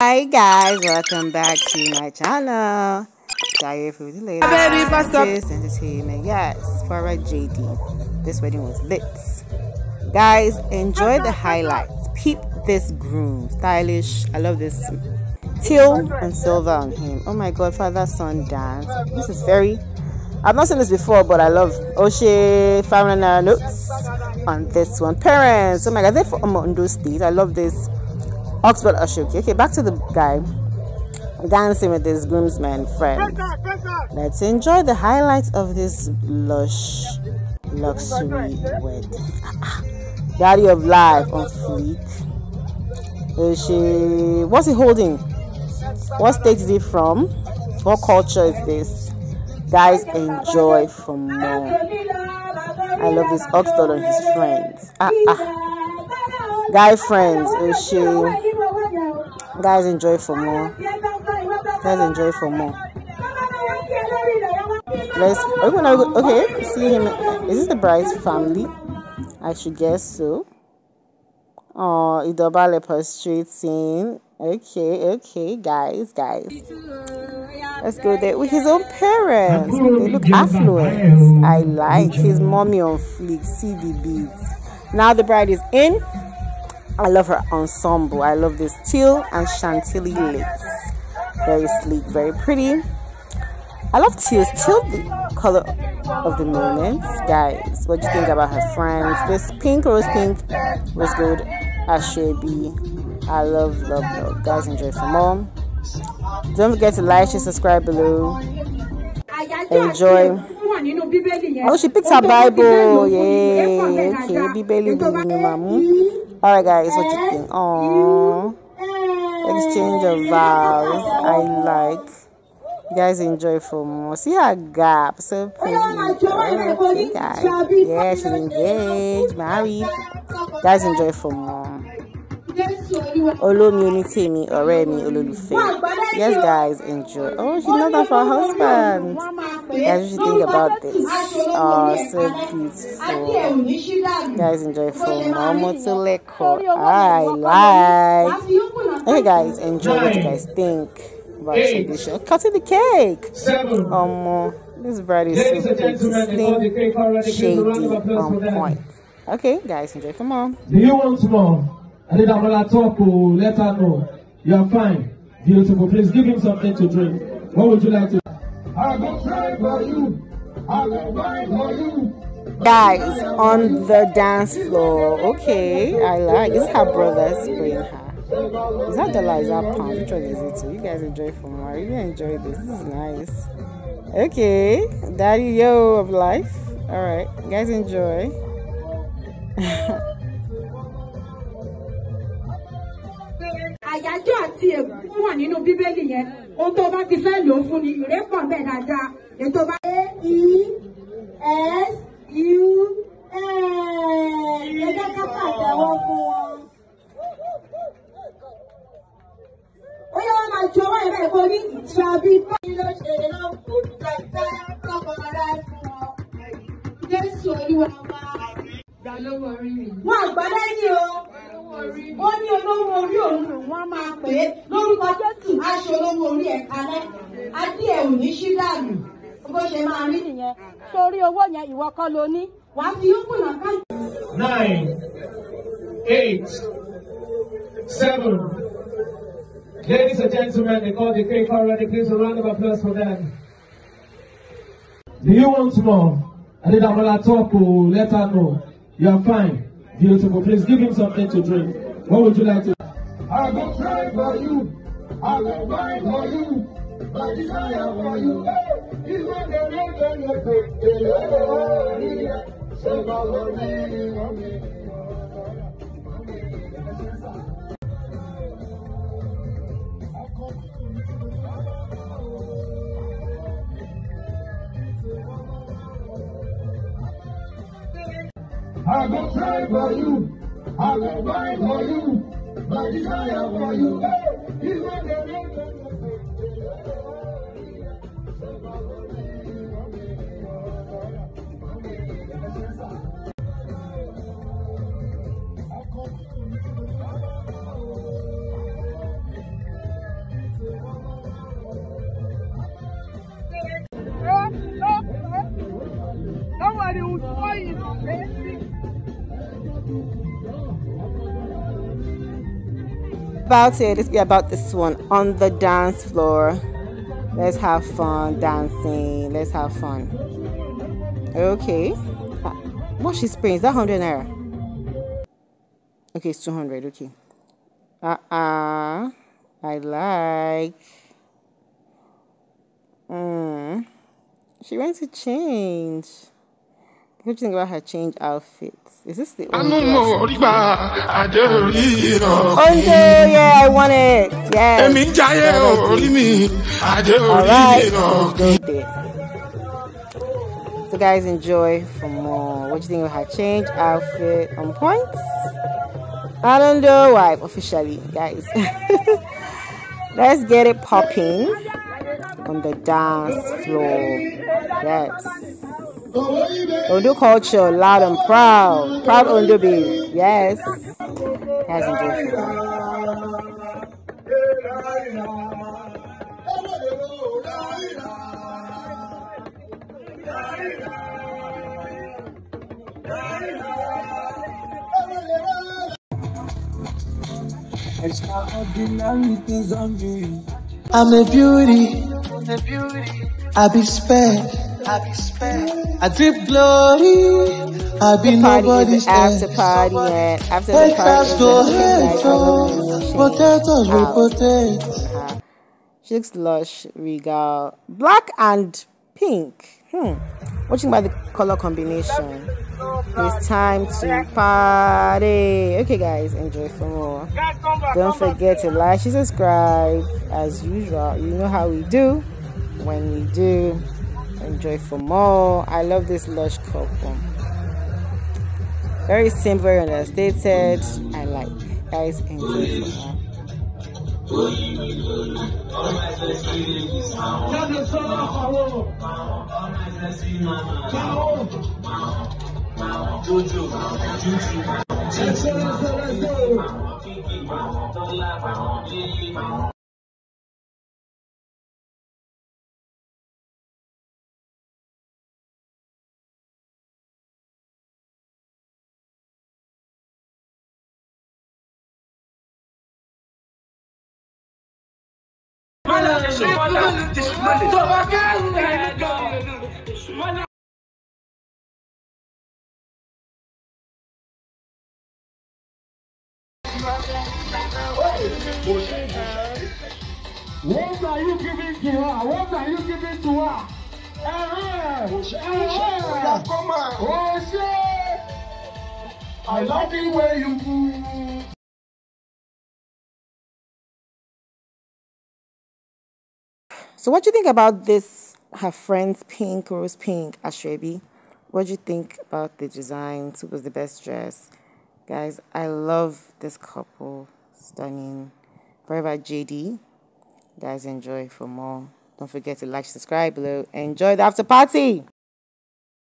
Hi guys, welcome back to my channel. Diet Food Later. Baby, what's up? Entertainment. Yes, for a JD. This wedding was lit. Guys, enjoy the highlights. Peep this groom. Stylish. I love this teal and silver on him. Oh my god, father son dance. This is very I've not seen this before, but I love Oshe Farana notes on this one. Parents, oh my god, they're from Ondo State. I love this Oxford Ashoki. Okay, back to the guy dancing with his groomsmen friends. Let's enjoy the highlights of this lush luxury wedding. Daddy of life on fleek. She, what's he holding? What state is he from? What culture is this? Guys, enjoy for more. I love this Oxford and his friends. Ah, ah. Guy friends, Oshie guys enjoy for more guys enjoy for more let's okay see him is this the bride's family i should guess so oh Idoba Street scene. okay okay guys guys let's go there with his own parents they look affluent i like his mommy on fleek see the beads now the bride is in I love her ensemble. I love this teal and chantilly lace. Very sleek, very pretty. I love teal. Teal the color of the moment. Guys, what do you think about her friends? This pink, rose pink, was good. I should be. I love, love, love. Guys, enjoy some more. Don't forget to like, share, subscribe below. Enjoy oh she picked her bible yeah okay bíbélì bí mi alright guys what you think aww exchange of vows i like you guys enjoy for more see her gap so pretty okay guys yeah she's engaged married you guys enjoy for more olómi yes guys enjoy oh she's not that for her husband guys you should think about this oh so beautiful guys enjoy for ọmọ i like hey guys enjoy what you guys think about this? cutting the cake um, this bride is so pretty slim shady on point okay guys enjoy for on. do you want more talk Malatopo, oh, let her know. You are fine. Beautiful. Please give him something to drink. What would you like to? I will pray for you. I will pray for you. Guys on the dance floor. Okay, I like. Is her brother spraying her? Is that the Liza pound? Which one is it? you guys enjoy for more. You enjoy this. This is nice. Okay, daddy yo of life. All right, you guys enjoy. àyájọ́ àti ègún wà nínú bíbélì yẹn ohun tó bá ti fẹ́ lò ó fún ni ìrẹ́pọ̀ bẹ́ẹ̀ dáadáa ètò bá. a e s u l ẹ jẹ́ ká pàtẹ́wọ́ fún wọn. ó yẹ wọn máa ju ọwọ́ ẹ̀rọ ẹ̀kọ́ ní ìtìlábí. báyìí ló ṣe náà kò dáadáa lọ́kọ̀ rárá fún ọ. jésù olúwa wa. wọ́n àgbá lẹ́yìn o ó ní olówó orí òun wọ́n máa pè é lórúkọ Jésù á ṣe olówó orí ẹ̀ kalẹ̀ adé ẹ̀ ní ṣí bó ṣe máa rí nìyẹn torí owó yẹn ìwọ kọ́ ló ní wàá fi yókù náà ká. nine eight seven ladies and gentlemen they call the cake already please a round of applause for them. do you want more? Adidamola talk o let her know you are fine. Beautiful. Please give him something to drink. What would you like to? I go pray for you. I go fight for you. My desire for you. You I go pray for you. I go fight for you. My desire for you. Hey, About it, let's be about this one on the dance floor. Let's have fun dancing. Let's have fun. Okay. Uh, what she's paying? Is that 100 naira? Okay, it's 200. Okay. Uh uh. I like. Mm. She wants to change. What do you think about her change outfits? Is this the only I don't know. I don't Ondo, yeah, I want it. Yes. Alright, So guys, enjoy for more. What do you think of her change outfit on points? I don't know why officially, guys. Let's get it popping on the dance floor. Yes. Ondo culture, loud and proud. Proud Ondo be. Yes. Extraordinary things on I'm a beauty. I'm a beauty. I be spec. I be spec. I drip glory. I be the party nobody's is after party at after the party. Is go ahead, potatoes, we potatoes. She looks lush, regal, black and pink. Hmm. Watching by the color combination. It's time to party. Okay, guys, enjoy for more. Don't forget to like and subscribe. As usual, you know how we do. When we do, enjoy for more. I love this lush couple. Um. Very simple, very understated. I like. Guys, enjoy for more. Let's go. Let's go. What are you giving to her? What are you giving to her? Come on. Oh, I love the way you move. So what do you think about this, her friend's pink, rose pink, Ashrebi? What do you think about the design? Who was the best dress? Guys, I love this couple. Stunning. Forever JD. Guys, enjoy for more. Don't forget to like, subscribe below. Enjoy the after party!